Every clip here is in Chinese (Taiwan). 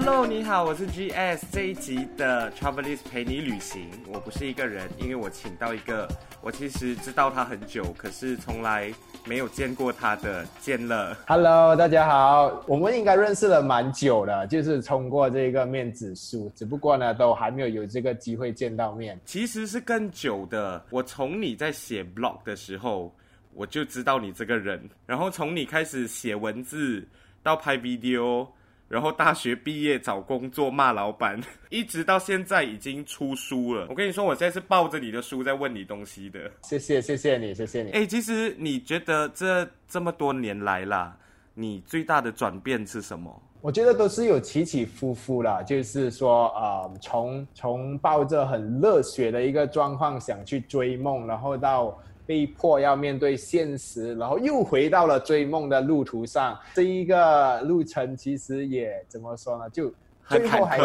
Hello，你好，我是 GS。這一集的《Travelist 陪你旅行》，我不是一個人，因為我請到一個，我其實知道他很久，可是從來沒有見過他的健樂。Hello，大家好，我們應該認識了蠻久的，就是通過這個面子書，只不過呢，都還沒有有這個機會見到面。其實是更久的，我從你在寫 blog 的時候，我就知道你這個人，然後從你開始寫文字到拍 video。然後大學畢業找工作罵老板，一直到現在已經出書了。我跟你說，我現在是抱着你的書在問你東西的。謝謝，謝謝你，謝謝你。欸，其實你覺得這這麼多年來啦，你最大的轉變是什麼？我覺得都是有起起伏伏啦。就是說，呃，從從抱着很熱血的一個狀況想去追夢，然後到。被迫要面對現實，然後又回到了追夢的路途上。這一個路程其實也怎麼說呢，就很坎坷。最後還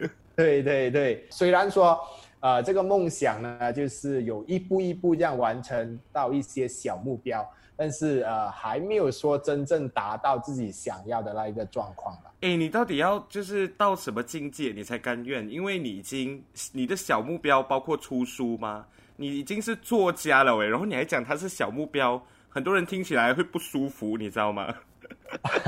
是對對對，雖然說啊，呃，這個夢想呢，就是有一步一步這樣完成到一些小目標，但是呃，還沒有說真正達到自己想要的那一個狀況了。誒，你到底要就是到什麼境界，你才甘願？因為你已經你的小目標包括出書嗎？你已經是作家了，喂。然後你還講他是小目標。很多人聽起來會不舒服，你知道嗎？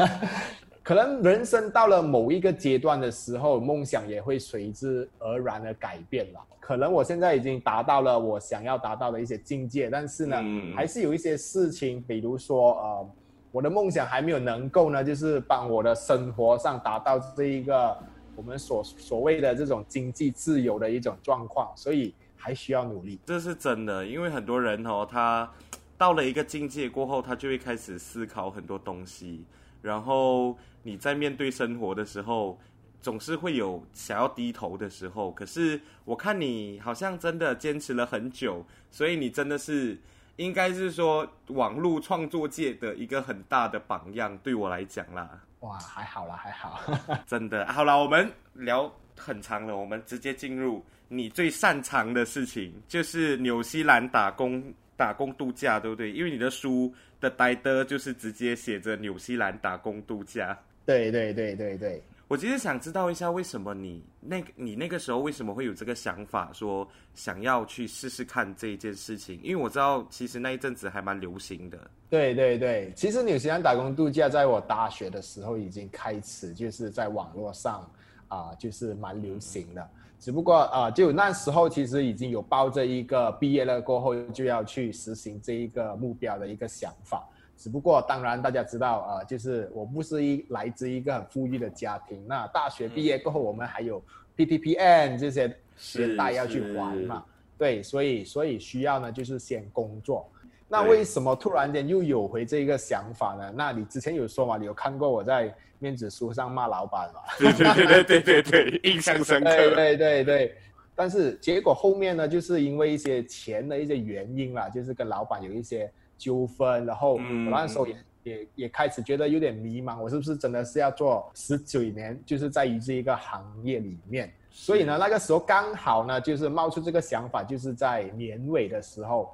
可能人生到了某一個階段的時候，夢想也會隨之而然的改變了。可能我現在已經達到了我想要達到的一些境界，但是呢，嗯、還是有一些事情，比如說呃，我的夢想還沒有能夠呢，就是幫我的生活上達到這一個我們所所謂的這種經濟自由的一種狀況，所以。還需要努力，這是真的，因為很多人哦，他到了一個境界過後，他就會開始思考很多東西。然後你在面對生活的時候，總是會有想要低頭的時候。可是我看你好像真的堅持了很久，所以你真的是應該是說網絡創作界的一個很大的榜樣，對我來講啦。哇，還好啦，還好， 真的，好啦。我們聊很長了，我們直接進入。你最擅長的事情就是紐西蘭打工打工度假，對不對？因為你的書的代 i 就是直接寫着紐西蘭打工度假。對對對對對，我其實想知道一下，為什麼你那個你那個時候為什麼會有這個想法說，說想要去試試看這一件事情？因為我知道，其實那一陣子還蠻流行的。對對對，其實紐西蘭打工度假在我大學的時候已經開始，就是在網絡上啊、呃，就是蠻流行的。嗯只不過啊、呃，就那時候其實已經有抱着一個畢業了過後就要去實行這一個目標的一個想法。只不過當然大家知道啊、呃，就是我不是一來自一個很富裕的家庭。那大學畢業過後，我們還有 PTPN 這些學貸要去還嘛。對，所以所以需要呢，就是先工作。那為什麼突然間又有回這個想法呢？對那你之前有說嘛？你有看過我在面子書上罵老板嘛？對對對對對對， 印象深刻。對對對對。但是結果後面呢，就是因為一些錢的一些原因啦，就是跟老板有一些糾紛，然後我那時候也嗯嗯也也開始覺得有點迷茫，我是不是真的是要做十九年，就是在於這一個行業裡面？是所以呢，那個時候剛好呢，就是冒出這個想法，就是在年尾的時候。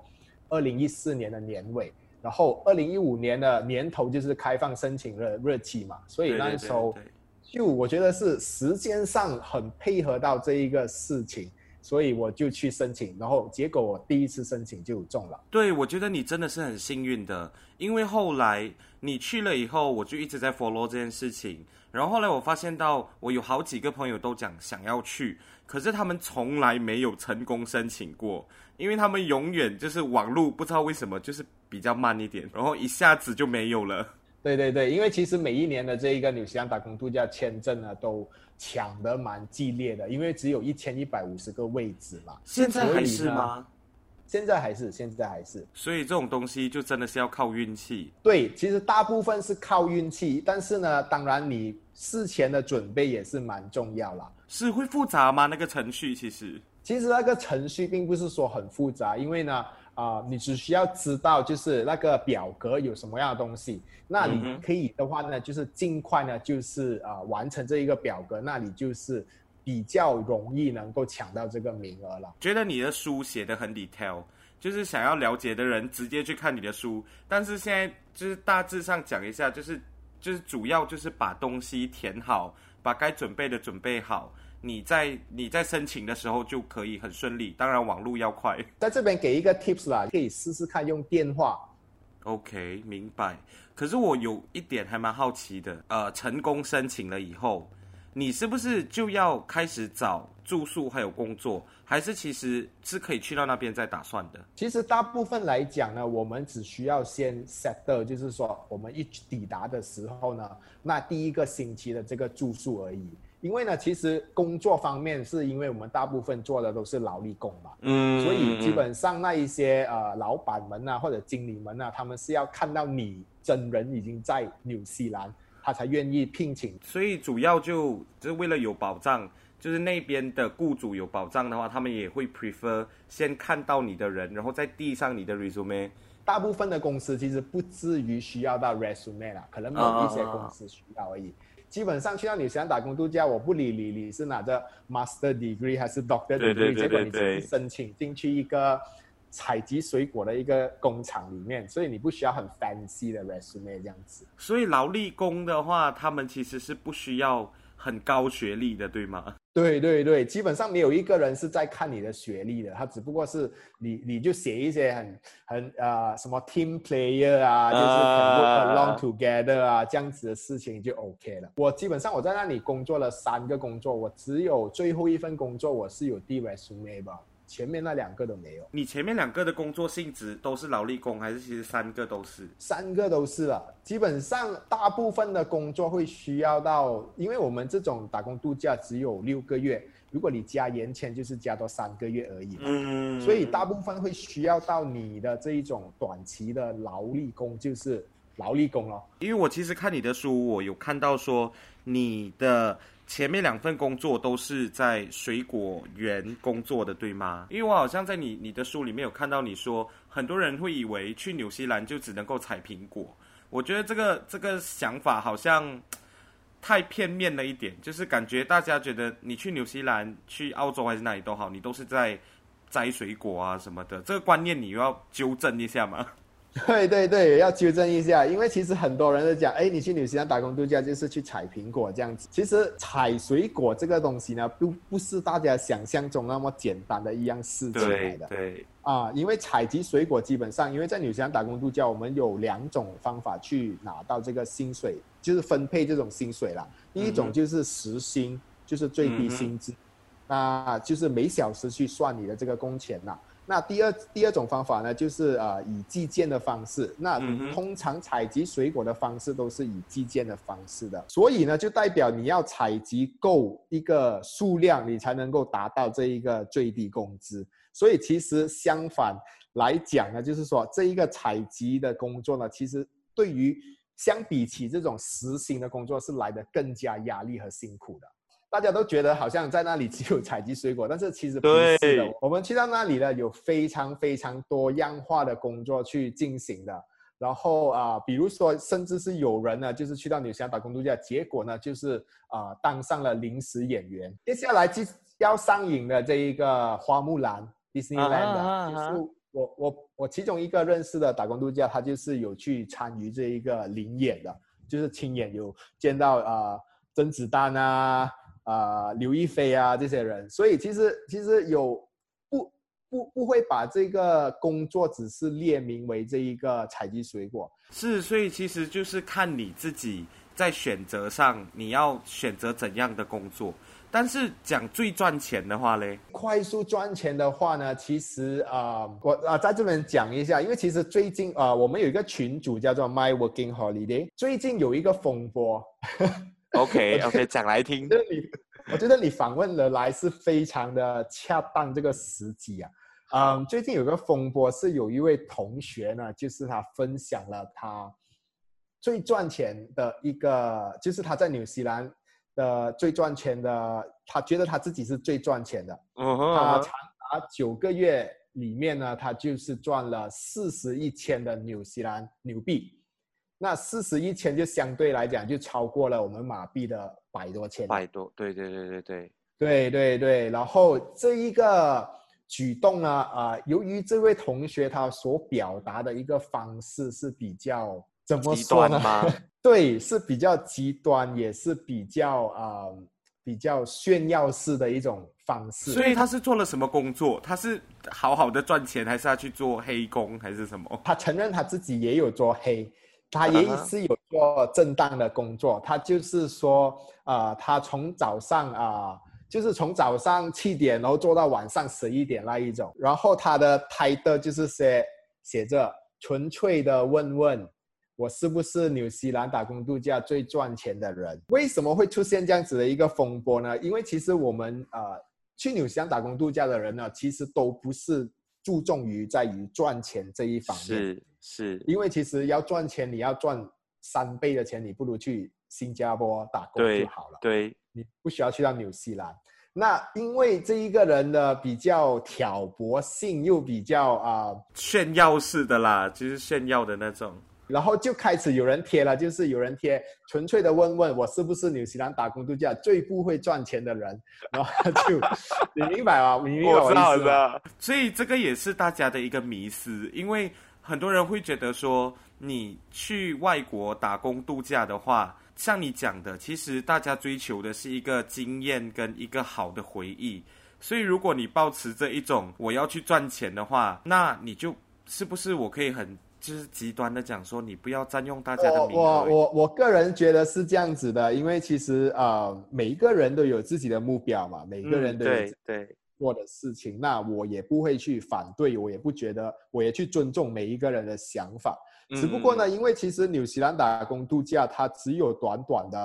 二零一四年的年尾，然後二零一五年的年頭就是開放申請的日期嘛，所以那時候就我覺得是時間上很配合到這一個事情，所以我就去申請，然後結果我第一次申請就中了。對，我覺得你真的是很幸運的，因為後來你去了以後，我就一直在 follow 這件事情。然後後來我發現到，我有好幾個朋友都講想要去，可是他們從來沒有成功申請過，因為他們永遠就是網路，不知道為什麼就是比較慢一點，然後一下子就沒有了。對對對，因為其實每一年的這一個紐西蘭打工度假簽證啊，都搶得蠻激烈的，因為只有一千一百五十個位置嘛。現在還是嗎？現在還是，現在還是。所以這種東西就真的是要靠運氣。對，其實大部分是靠運氣，但是呢，當然你事前的準備也是蠻重要啦。是會複雜嗎？那個程序，其實？其實那個程序並不是說很複雜，因為呢，啊、呃，你只需要知道就是那個表格有什麼樣的東西，那你可以的話呢，就是盡快呢，就是啊、呃，完成這一個表格，那你就是。比較容易能夠搶到這個名額了。覺得你的書寫得很 detail，就是想要了解的人直接去看你的書。但是現在就是大致上講一下，就是就是主要就是把東西填好，把該準備的準備好，你在你在申請的時候就可以很順利。當然網絡要快，在這邊給一個 tips 啦，可以試試看用電話。OK，明白。可是我有一點還蠻好奇的，呃，成功申請了以後。你是不是就要開始找住宿還有工作，還是其實是可以去到那邊再打算的？其實大部分來講呢，我們只需要先 settle，就是說我們一抵達的時候呢，那第一個星期的這個住宿而已。因為呢，其實工作方面是因為我們大部分做的都是勞力工嘛，嗯，所以基本上那一些呃老闆們啊或者經理們啊，他們是要看到你真人已經在紐西蘭，他才願意聘請，所以主要就就是為了有保障，就是那邊的雇主有保障的話，他們也會 prefer 先看到你的人，然後再遞上你的 resume。大部分的公司其實不至於需要到 resume 啦，可能某一些公司需要而已。Oh, oh, oh. 基本上去到你想打工度假，我不理你，你是拿着 master degree 還是 doctor degree，結果你申請進去一個。採集水果的一個工廠裡面，所以你不需要很 fancy 的 resume 這樣子。所以勞力工的話，他們其實是不需要很高學歷的，對嗎？對對對，基本上沒有一個人是在看你的學歷的，他只不過是你，你就寫一些很很啊、呃、什麼 team player 啊，呃、就是 work along together 啊這樣子的事情就 OK 了。我基本上我在那裡工作了三個工作，我只有最後一份工作我是有 D resume 吧。前面那兩個都沒有。你前面兩個的工作性質都是勞力工，還是其實三個都是？三個都是了，基本上大部分的工作會需要到，因為我們這種打工度假只有六個月，如果你加延簽就是加多三個月而已嘛，嗯。所以大部分會需要到你的這一種短期的勞力工，就是勞力工嘍。因為我其實看你的書，我有看到說你的。前面兩份工作都是在水果園工作的，對嗎？因為我好像在你你的書裡面有看到你說，很多人會以為去紐西蘭就只能夠採蘋果。我覺得這個這個想法好像太片面了一點，就是感覺大家覺得你去紐西蘭、去澳洲還是哪裡都好，你都是在摘水果啊什麼的，這個觀念你又要糾正一下嗎？對對對，要糾正一下，因為其實很多人都講，誒，你去紐西蘭打工度假就是去採蘋果這樣子。其實採水果這個東西呢，不不是大家想象中那麼簡單的一樣事情來的。對對。對啊，因為採集水果基本上，因為在紐西蘭打工度假，我們有兩種方法去拿到這個薪水，就是分配這種薪水啦。第一種就是時薪，就是最低薪資，那、嗯嗯啊、就是每小時去算你的這個工錢啦。那第二第二種方法呢，就是呃以計件的方式。那你通常採集水果的方式都是以計件的方式的，所以呢就代表你要採集夠一個數量，你才能夠達到這一個最低工資。所以其實相反來講呢，就是說這一個採集的工作呢，其實對於相比起這種時薪的工作是來得更加壓力和辛苦的。大家都覺得好像在那裡只有採集水果，但是其實不是的。對我們去到那裡呢，有非常非常多樣化的工作去進行的。然後啊、呃，比如說，甚至是有人呢，就是去到紐西蘭打工度假，結果呢，就是啊、呃，當上了臨時演員。接下來要上映的這一個《花木蘭》（Disneyland），就是我我我其中一個認識的打工度假，他就是有去參與這一個臨演的，就是親眼有見到、呃、啊，甄子丹啊。啊、呃，劉亦菲啊，這些人，所以其實其實有不不不會把這個工作只是列名為這一個採集水果，是，所以其實就是看你自己在選擇上你要選擇怎樣的工作，但是講最賺錢的話呢，快速賺錢的話呢，其實啊、呃，我啊、呃、在這邊講一下，因為其實最近啊、呃，我們有一個群組叫做 My Working Holiday，最近有一個風波。 OK，OK，okay, okay, 講來聽。這裡，我覺得你訪問的來是非常的恰當這個時機啊。嗯，最近有個風波是有一位同學呢，就是他分享了他最賺錢的一個，就是他在紐西蘭的最賺錢的，他覺得他自己是最賺錢的。嗯哼，他長達九個月裡面呢，他就是賺了四十一千的紐西蘭紐幣。那四十一千就相對來講就超過了我們馬幣的百多千，百多，對對對對對對對對。然後這一個舉動呢，啊、呃，由於這位同學他所表達的一個方式是比較怎麼說呢？極端嗎？ 對，是比較極端，也是比較啊、呃、比較炫耀式的一種方式。所以他是做了什麼工作？他是好好的賺錢，還是要去做黑工，還是什麼？他承認他自己也有做黑。他也是有做正當的工作，他就是說，啊、呃、他從早上啊、呃，就是從早上七點，然後做到晚上十一點那一種，然後他的 title 就是寫寫着純粹的問問，我是不是紐西蘭打工度假最賺錢的人？為什麼會出現這樣子的一個風波呢？因為其實我們啊、呃，去紐西蘭打工度假的人呢，其實都不是。注重於在於賺錢這一方面，是，是，因為其實要賺錢，你要賺三倍的錢，你不如去新加坡打工對就好了。對，你不需要去到紐西蘭。那因為這一個人呢，比較挑撥性又比較啊、呃、炫耀式的啦，就是炫耀的那種。然後就開始有人貼了，就是有人貼純粹的問問我是不是紐西蘭打工度假最不會賺錢的人，然後就 你明白嗎？我知道的。所以這個也是大家的一個迷思，因為很多人會覺得說，你去外國打工度假的話，像你講的，其實大家追求的是一個經驗跟一個好的回憶。所以如果你抱持着一種我要去賺錢的話，那你就是不是我可以很。就是極端的講說，你不要佔用大家的名額。我我我個人覺得是這樣子的，因為其實呃，每一個人都有自己的目標嘛，每一個人對對都有自己的事情，嗯、那我也不會去反對，我也不覺得，我也去尊重每一個人的想法。只不過呢，因為其實紐西蘭打工度假它只有短短的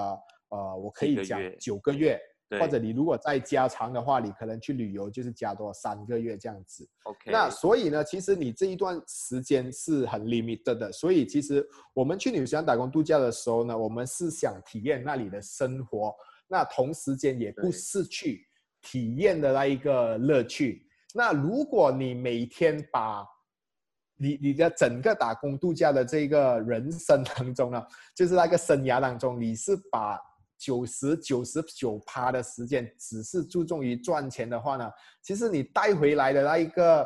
呃，我可以講個九個月。或者你如果再加長的話，你可能去旅遊就是加多三個月這樣子。OK，那所以呢，其實你這一段時間是很 limited 的。所以其實我們去旅行打工度假的時候呢，我們是想體驗那裡的生活，那同時間也不失去體驗的那一個樂趣。對那如果你每天把你你的整個打工度假的這個人生當中呢，就是那個生涯當中，你是把。九十九十九趴的時間，只是注重於賺錢的話呢，其實你帶回來的那一個、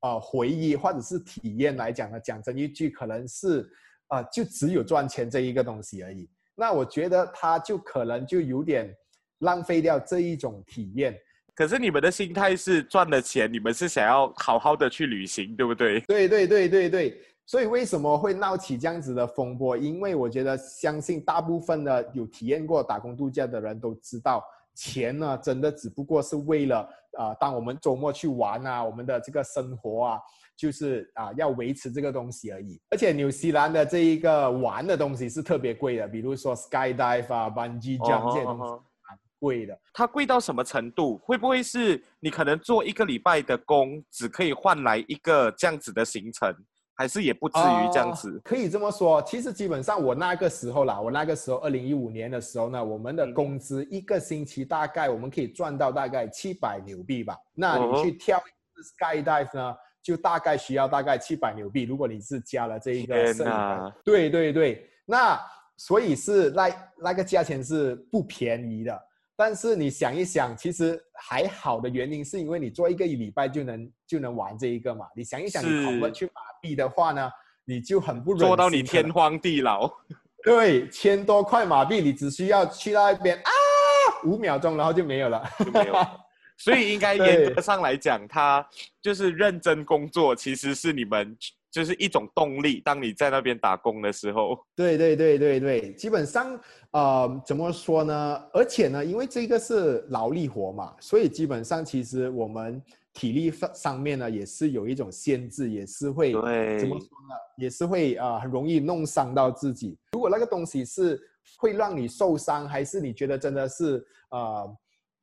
呃、回憶或者是體驗來講呢，講真一句，可能是啊、呃、就只有賺錢這一個東西而已。那我覺得他就可能就有點浪費掉這一種體驗。可是你們的心態是賺了錢，你們是想要好好的去旅行，對不對？對,對對對對對。所以為什麼會鬧起這樣子的風波？因為我覺得，相信大部分的有體驗過打工度假的人都知道，錢呢、啊，真的只不過是為了啊、呃，當我們周末去玩啊，我們的這個生活啊，就是啊，要維持這個東西而已。而且，紐西蘭的這一個玩的東西是特別貴的，比如說 sky dive 啊，bungee jump、uh、這樣、huh, 這些東西、uh，huh. 蠻貴的。它貴到什麼程度？會不會是你可能做一個禮拜的工，只可以換來一個這樣子的行程？還是也不至於這樣子，呃，可以這麼說。其實基本上我那個時候啦，我那個時候二零一五年的時候呢，我們的工資一個星期大概我們可以賺到大概七百紐幣吧。那你去跳一個 skydive 呢，就大概需要大概七百紐幣。如果你是加了這一個哪對，對對對，那所以是那那個價錢是不便宜的。但是你想一想，其實還好的原因是因為你做一個禮拜就能就能玩這一個嘛。你想一想，是你跑過去馬幣的話呢，你就很不容易做到你天荒地老。 對，千多塊馬幣，你只需要去那邊啊，五秒鐘，然後就沒有了， 就沒有。所以應該嚴格上來講，對他就是認真工作，其實是你們。就是一種動力，當你在那邊打工的時候，對對對對對，基本上，呃，怎麼說呢？而且呢，因為這個是勞力活嘛，所以基本上其實我們體力上面呢也是有一種限制，也是會對怎麼說呢？也是會啊、呃，很容易弄傷到自己。如果那個東西是會讓你受傷，還是你覺得真的是呃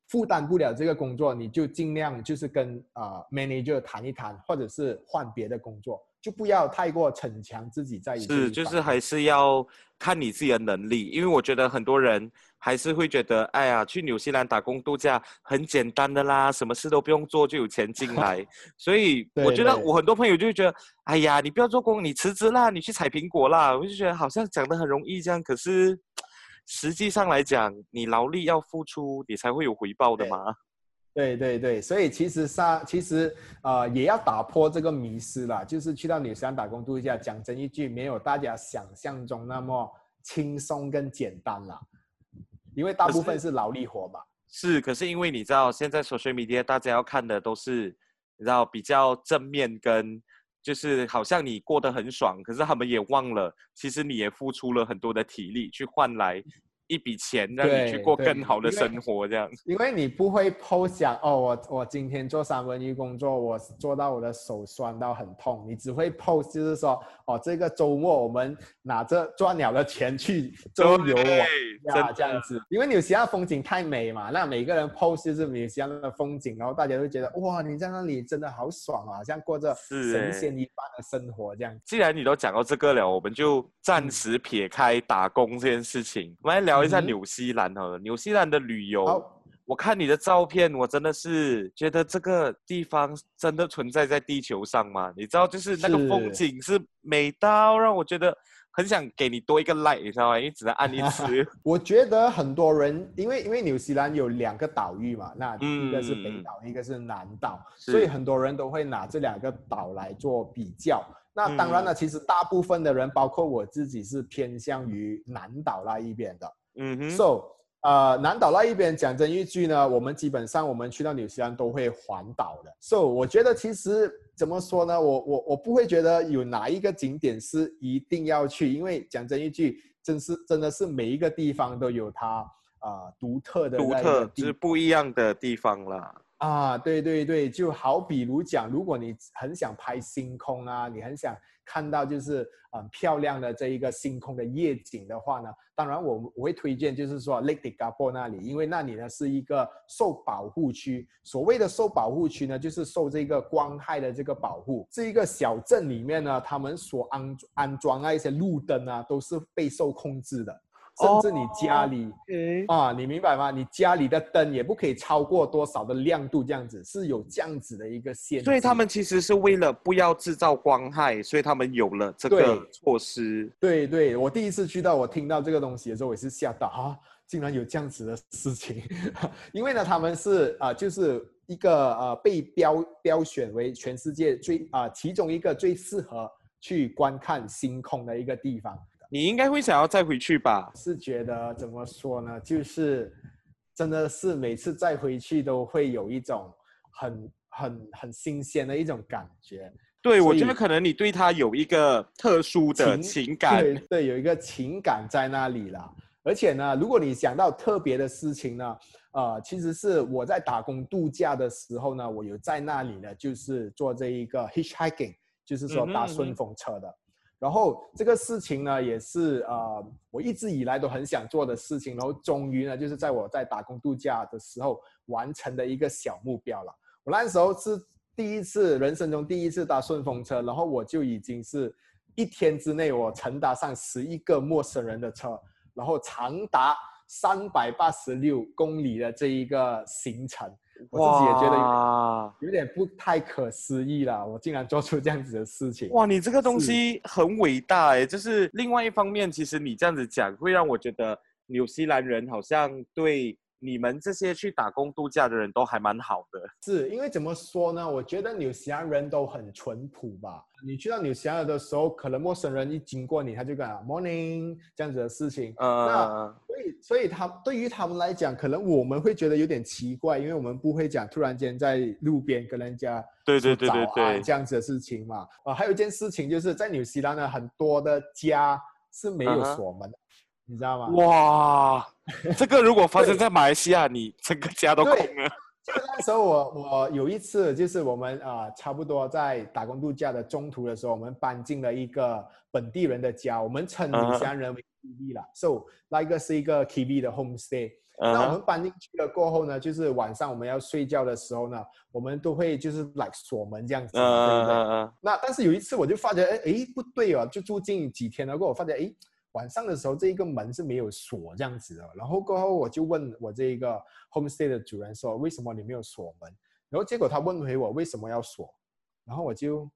負擔不了這個工作，你就盡量就是跟呃 manager 談一談，或者是換別的工作。就不要太過逞強，自己在一起。是就是還是要看你自己的能力，因為我覺得很多人還是會覺得，哎呀，去紐西蘭打工度假很簡單的啦，什麼事都不用做就有錢進來。 所以我覺得我很多朋友就會覺得，對對，哎呀，你不要做工，你辭職啦，你去採蘋果啦，我就覺得好像講的很容易這樣，可是實際上來講，你勞力要付出，你才會有回報的嘛。對對對，所以其實上其實啊、呃，也要打破這個迷思啦。就是去到紐西蘭打工度假，講真一句，沒有大家想象中那麼輕鬆跟簡單啦，因為大部分是勞力活吧。是，可是因為你知道，現在社交媒體大家要看的都是，你知道比較正面跟，就是好像你過得很爽，可是他們也忘了，其實你也付出了很多的體力去換來。一筆錢讓你去過更好的生活。這樣。因為你不會 po 想哦，我我今天做三文魚工作，我做到我的手酸到很痛。你只會 po，就是說哦，這個周末我們拿着賺了的錢去周遊亞，對哎、這樣子。的因為紐西蘭風景太美嘛，那每個人 po 就是紐西蘭的風景，然後大家都覺得哇，你在那裡真的好爽啊，像過着神仙一般的生活這樣、欸、既然你都講到這個了，我們就暫時撇開打工這件事情，我們來聊。講一、嗯、在紐西蘭紐西蘭的旅遊，好我看你的照片，我真的是覺得這個地方真的存在在地球上嗎？你知道，就是那個風景是美到讓我覺得很想給你多一個 like，你知道嗎？因為只能按一次。啊、我覺得很多人因為因為紐西蘭有兩個島嶼嘛，那一個是北島，嗯、一個是南島，是所以很多人都會拿這兩個島來做比較。那當然了，其實大部分的人，包括我自己，是偏向於南島那一邊的。嗯、mm hmm.，so，呃、uh,，南島那一邊，講真一句呢，我們基本上我們去到紐西蘭都會環島的。so，我覺得其實怎麼說呢，我我我不會覺得有哪一個景點是一定要去，因為講真一句，真是真的是每一個地方都有它，啊、呃、獨特的地方獨特，就是不一樣的地方啦。啊，對對對，就好比如講，如果你很想拍星空啊，你很想看到就是啊漂亮的這一個星空的夜景的話呢，當然我我會推薦就是說 Lake Tekapo 那裡，因為那裡呢是一個受保護區，所謂的受保護區呢，就是受這個光害的這個保護，這一個小鎮裡面呢，他們所安安裝啊一些路燈啊，都是備受控制的。甚至你家裡，嗯、oh, okay. 啊，你明白嗎？你家裡的燈也不可以超過多少的亮度，這樣子是有這樣子的一個限。所以他們其實是為了不要制造光害，所以他們有了這個措施。對對，對，我第一次去到，我聽到這個東西的時候，我也是嚇到啊，竟然有這樣子的事情。 因為呢，他們是啊、呃，就是一個啊、呃，被標標選為全世界最啊、呃、其中一個最適合去觀看星空的一個地方。你應該會想要再回去吧？是覺得怎麼說呢？就是真的是每次再回去都會有一種很很很新鮮的一種感覺。對，所以我覺得可能你對他有一個特殊的情感。情對，對，有一個情感在那裡了。而且呢，如果你想到特別的事情呢，呃，其實是我在打工度假的時候呢，我有在那裡呢，就是做這一個 hitchhiking，就是說搭順風車的。嗯嗯嗯然後這個事情呢，也是呃，我一直以來都很想做的事情。然後終於呢，就是在我在打工度假的時候完成的一個小目標了。我那時候是第一次，人生中第一次搭順風車，然後我就已經是一天之內我乘搭上十一個陌生人的車，然後長達三百八十六公里的這一個行程。我自己也覺得有，哇有點不太可思議啦，我竟然做出這樣子的事情。哇，你這個東西很偉大誒、欸。是，就是另外一方面，其實你這樣子講，會讓我覺得紐西蘭人好像對。你們這些去打工度假的人都還蠻好的，是因為怎麼說呢？我覺得紐西蘭人都很淳樸吧。你去到紐西蘭的時候，可能陌生人一經過你，他就講、啊、“morning” 這樣子的事情。嗯、呃，那所以，所以他對於他們來講，可能我們會覺得有點奇怪，因為我們不會講突然間在路邊跟人家、啊、對對對對，對，對這樣子的事情嘛。啊、呃，還有一件事情就是在紐西蘭呢，很多的家是沒有鎖門的，嗯、哼你知道嗎？哇！ 這個如果發生在馬來西亞， 對你整個家都空了。就是那時候我，我我有一次，就是我們啊、呃，差不多在打工度假的中途的時候，我們搬進了一個本地人的家，我們稱旅香人為 Kiwi，了。Uh huh. So 那個是一個 Kiwi 的 home stay、uh。Huh. 那我們搬進去了過後呢，就是晚上我們要睡覺的時候呢，我們都會就是來鎖門這樣子 day、uh，huh. 那但是有一次我就發覺哎不對哦，就住進幾天了過後，我發現哎。晚上的時候，這一個門是沒有鎖這樣子的。然後過後，我就問我這一個 homestay 的主人說：“為什麼你沒有鎖門？”然後結果他問回我：“為什麼要鎖？”然後我就，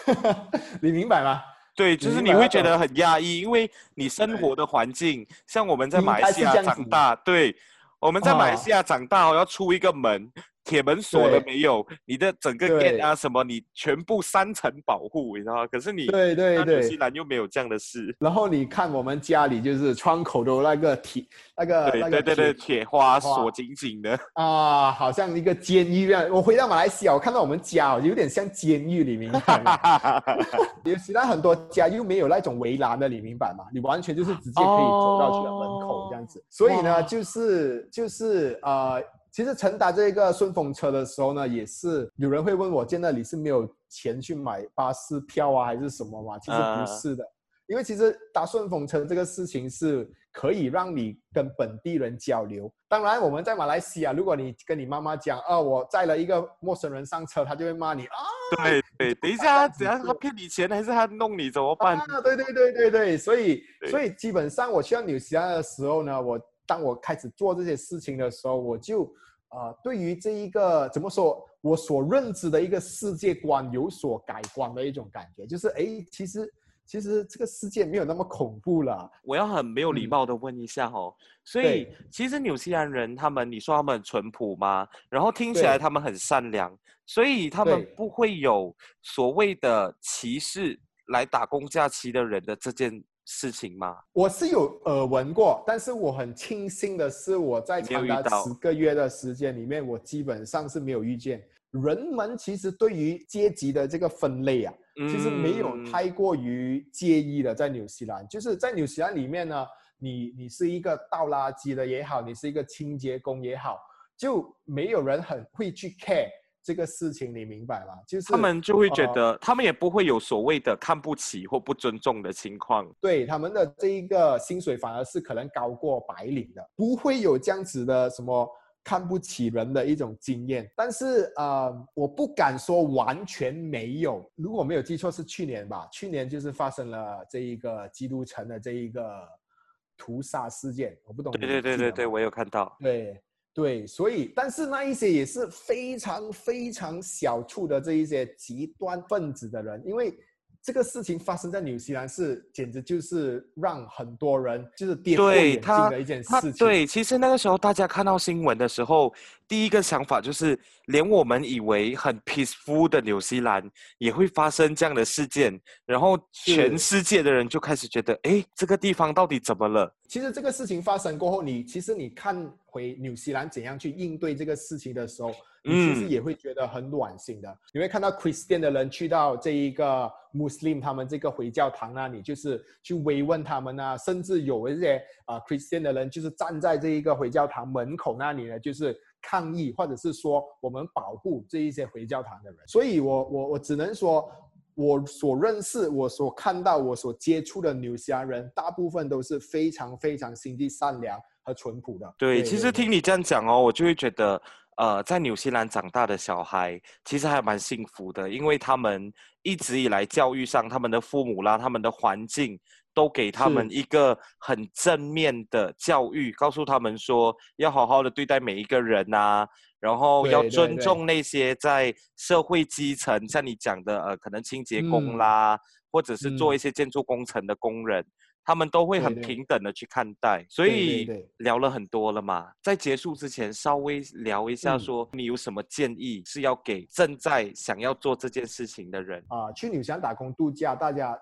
你明白嗎？對，就是你會覺得很壓抑，因為你生活的環境，明白。像我們在馬來西亞長大，對，我們在馬來西亞長大我、哦，要出一個門。鐵門鎖了沒有？你的整個 gate 啊，什麼你全部三層保護，你知道嗎？可是你對對對，紐西蘭又沒有這樣的事。然後你看我們家裡就是窗口都那個鐵那個那個鐵花鎖緊緊的啊，好像一個監獄一樣。我回到馬來西亞，我看到我們家有點像監獄裡面。哈哈哈！哈哈！有其他很多家又沒有那種圍欄的，你明白嗎？你完全就是直接可以走到這個門口這樣子。所以呢，就是就是啊。其實乘搭這個順風車的時候呢，也是有人會問我，見到你是沒有錢去買巴士票啊，還是什麼嘛？其實不是的，嗯、因為其實搭順風車這個事情是可以讓你跟本地人交流。當然，我們在馬來西亞，如果你跟你媽媽講啊、呃，我載了一個陌生人上車，他就會罵你啊。對對，對等一下，只要是他騙你錢還是他弄你怎麼辦？啊、對對對對對，所以對所以基本上我去到紐西蘭的時候呢，我。當我開始做這些事情的時候，我就，呃，對於這一個怎麼說，我所認知的一個世界觀有所改觀的一種感覺，就是，誒，其實，其實這個世界沒有那麼恐怖了。我要很沒有禮貌的問一下哦，嗯、所以對其實紐西蘭人他們，你說他們很淳樸嗎？然後聽起來他們很善良，對所以他們不會有所謂的歧視來打工假期的人的這件事。事情嗎？我是有耳聞過，但是我很慶幸的是，我在長達十個月的時間裡面，我基本上是沒有遇見。人們其實對於階級的這個分類啊，其實沒有太過於介意的。在紐西蘭，就是在紐西蘭裡面呢，你你是一個倒垃圾的也好，你是一個清潔工也好，就沒有人很會去 care。這個事情你明白嗎？就是他們就會覺得，他們也不會有所謂的看不起或不尊重的情況。呃、對，他們的這一個薪水反而是可能高過白領的，不會有這樣子的什麼看不起人的一種經驗。但是呃，我不敢說完全沒有。如果沒有記錯，是去年吧？去年就是發生了這一個基督城的這一個屠殺事件。我不懂。對對對對對，我有看到。對。對，所以，但是那一些也是非常非常小處的這一些極端分子的人，因為這個事情發生在紐西蘭，是簡直就是讓很多人就是跌破眼鏡的一件事情對。對，其實那個時候大家看到新聞的時候。第一個想法就是，連我們以為很 peaceful 的紐西蘭也會發生這樣的事件，然後全世界的人就開始覺得，哎對，這個地方到底怎麼了？其實這個事情發生過後，你其實你看回紐西蘭怎樣去應對這個事情的時候，嗯，你其實也會覺得很暖心的。嗯、你會看到 Christian 的人去到這一個 Muslim 他們這個回教堂那裡，就是去慰問他們啊，甚至有一些啊 Christian 的人就是站在這一個回教堂門口那裡呢，就是。抗議，或者是說我們保護這一些回教堂的人，所以我我我只能說，我所認識、我所看到、我所接觸的紐西蘭人，大部分都是非常非常心地善良和淳樸的。對，對，其實聽你這樣講哦，我就會覺得，呃，在紐西蘭長大的小孩其實還蠻幸福的，因為他們一直以來教育上，他們的父母啦，他們的環境。都給他們一個很正面的教育，是告訴他們說要好好的對待每一個人吶、啊，然後要尊重那些在社會基層，對對對，像你講的呃，可能清潔工啦，嗯、或者是做一些建築工程的工人，嗯、他們都會很平等的去看待。對對，所以聊了很多了嘛，對對對，在結束之前稍微聊一下，說你有什麼建議是要給正在想要做這件事情的人啊？去紐西蘭打工度假，大家。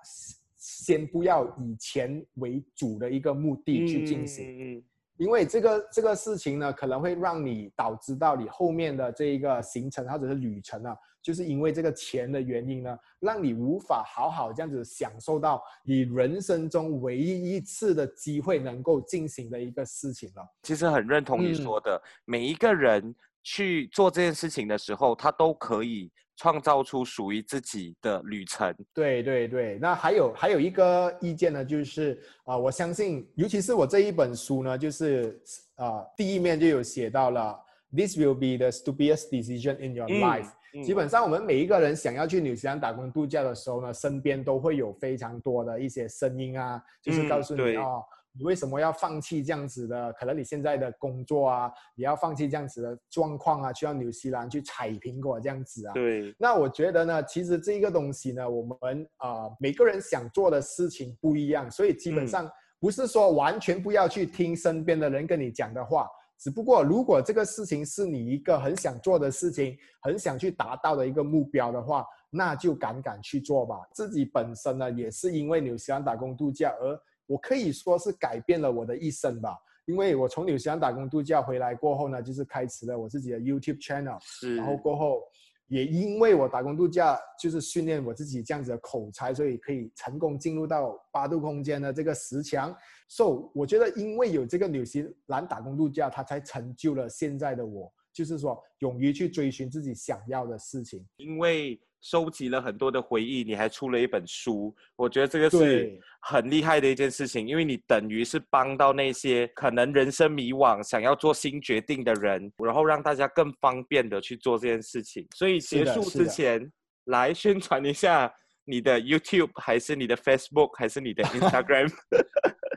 先不要以錢為主的一個目的去進行，嗯，因為這個這個事情呢，可能會讓你導致到你後面的這一個行程或者是旅程呢，就是因為這個錢的原因呢，讓你無法好好這樣子享受到你人生中唯一一次的機會能夠進行的一個事情了。其實很認同你說的，嗯，每一個人去做這件事情的時候，他都可以。創造出屬於自己的旅程。對對對，那還有還有一個意見呢，就是啊、呃，我相信，尤其是我這一本書呢，就是啊、呃，第一面就有寫到了，This will be the stupidest decision in your life。嗯嗯、基本上，我們每一個人想要去紐西蘭打工度假的時候呢，身邊都會有非常多的一些聲音啊，就是告訴你、嗯、哦。你為什麼要放棄這樣子的，可能你現在的工作啊，也要放棄這樣子的狀況啊，去到紐西蘭去採蘋果這樣子啊？對。那我覺得呢，其實這個東西呢，我們啊、呃，每個人想做的事情不一樣，所以基本上不是說完全不要去聽身邊的人跟你講的話。嗯、只不過如果這個事情是你一個很想做的事情，很想去達到的一個目標的話，那就敢敢去做吧。自己本身呢，也是因為紐西蘭打工度假而。我可以說是改變了我的一生吧，因為我從紐西蘭打工度假回來過後呢，就是開始了我自己的 YouTube channel，是然後過後，也因為我打工度假就是訓練我自己這樣子的口才，所以可以成功進入到八度空間的這個十強。所以，so, 我覺得因為有這個紐西蘭打工度假，他才成就了現在的我，就是說勇於去追尋自己想要的事情，因為，收集了很多的回憶，你還出了一本書，我覺得這個是很厲害的一件事情，對因為你等於是幫到那些可能人生迷惘、想要做新決定的人，然後讓大家更方便的去做這件事情。所以結束之前，來宣傳一下你的 YouTube 還是你的 Facebook 還是你的 Instagram？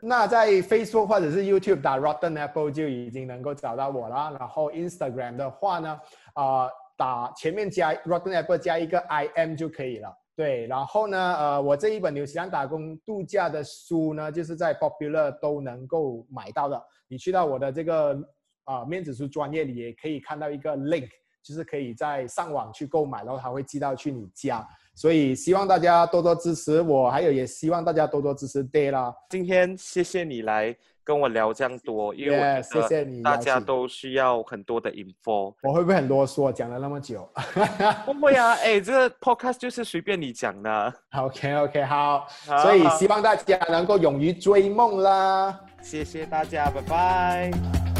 那在 Facebook 或者是 YouTube 打 Rotten Apple 就已經能夠找到我啦。然後 Instagram 的話呢，啊、呃。啊，前面加 Rotten Apple 加一個 IM 就可以了。對，然後呢，呃，我這一本《紐西蘭打工度假》的書呢，就是在 Popular 都能夠買到的。你去到我的這個啊面子書專業裡，也可以看到一個 link，就是可以在上網去購買，然後他會寄到去你家。所以希望大家多多支持我，還有也希望大家多多支持爹啦。今天謝謝你來跟我聊這樣多，yeah, 因為，謝謝，大家都需要很多的 info。謝謝，我會不會很囉嗦，講了那麼久？ 不會啊，哎，這個 podcast 就是隨便你講的。OK OK，好， 所以希望大家能夠勇於追夢啦。謝謝大家，拜拜。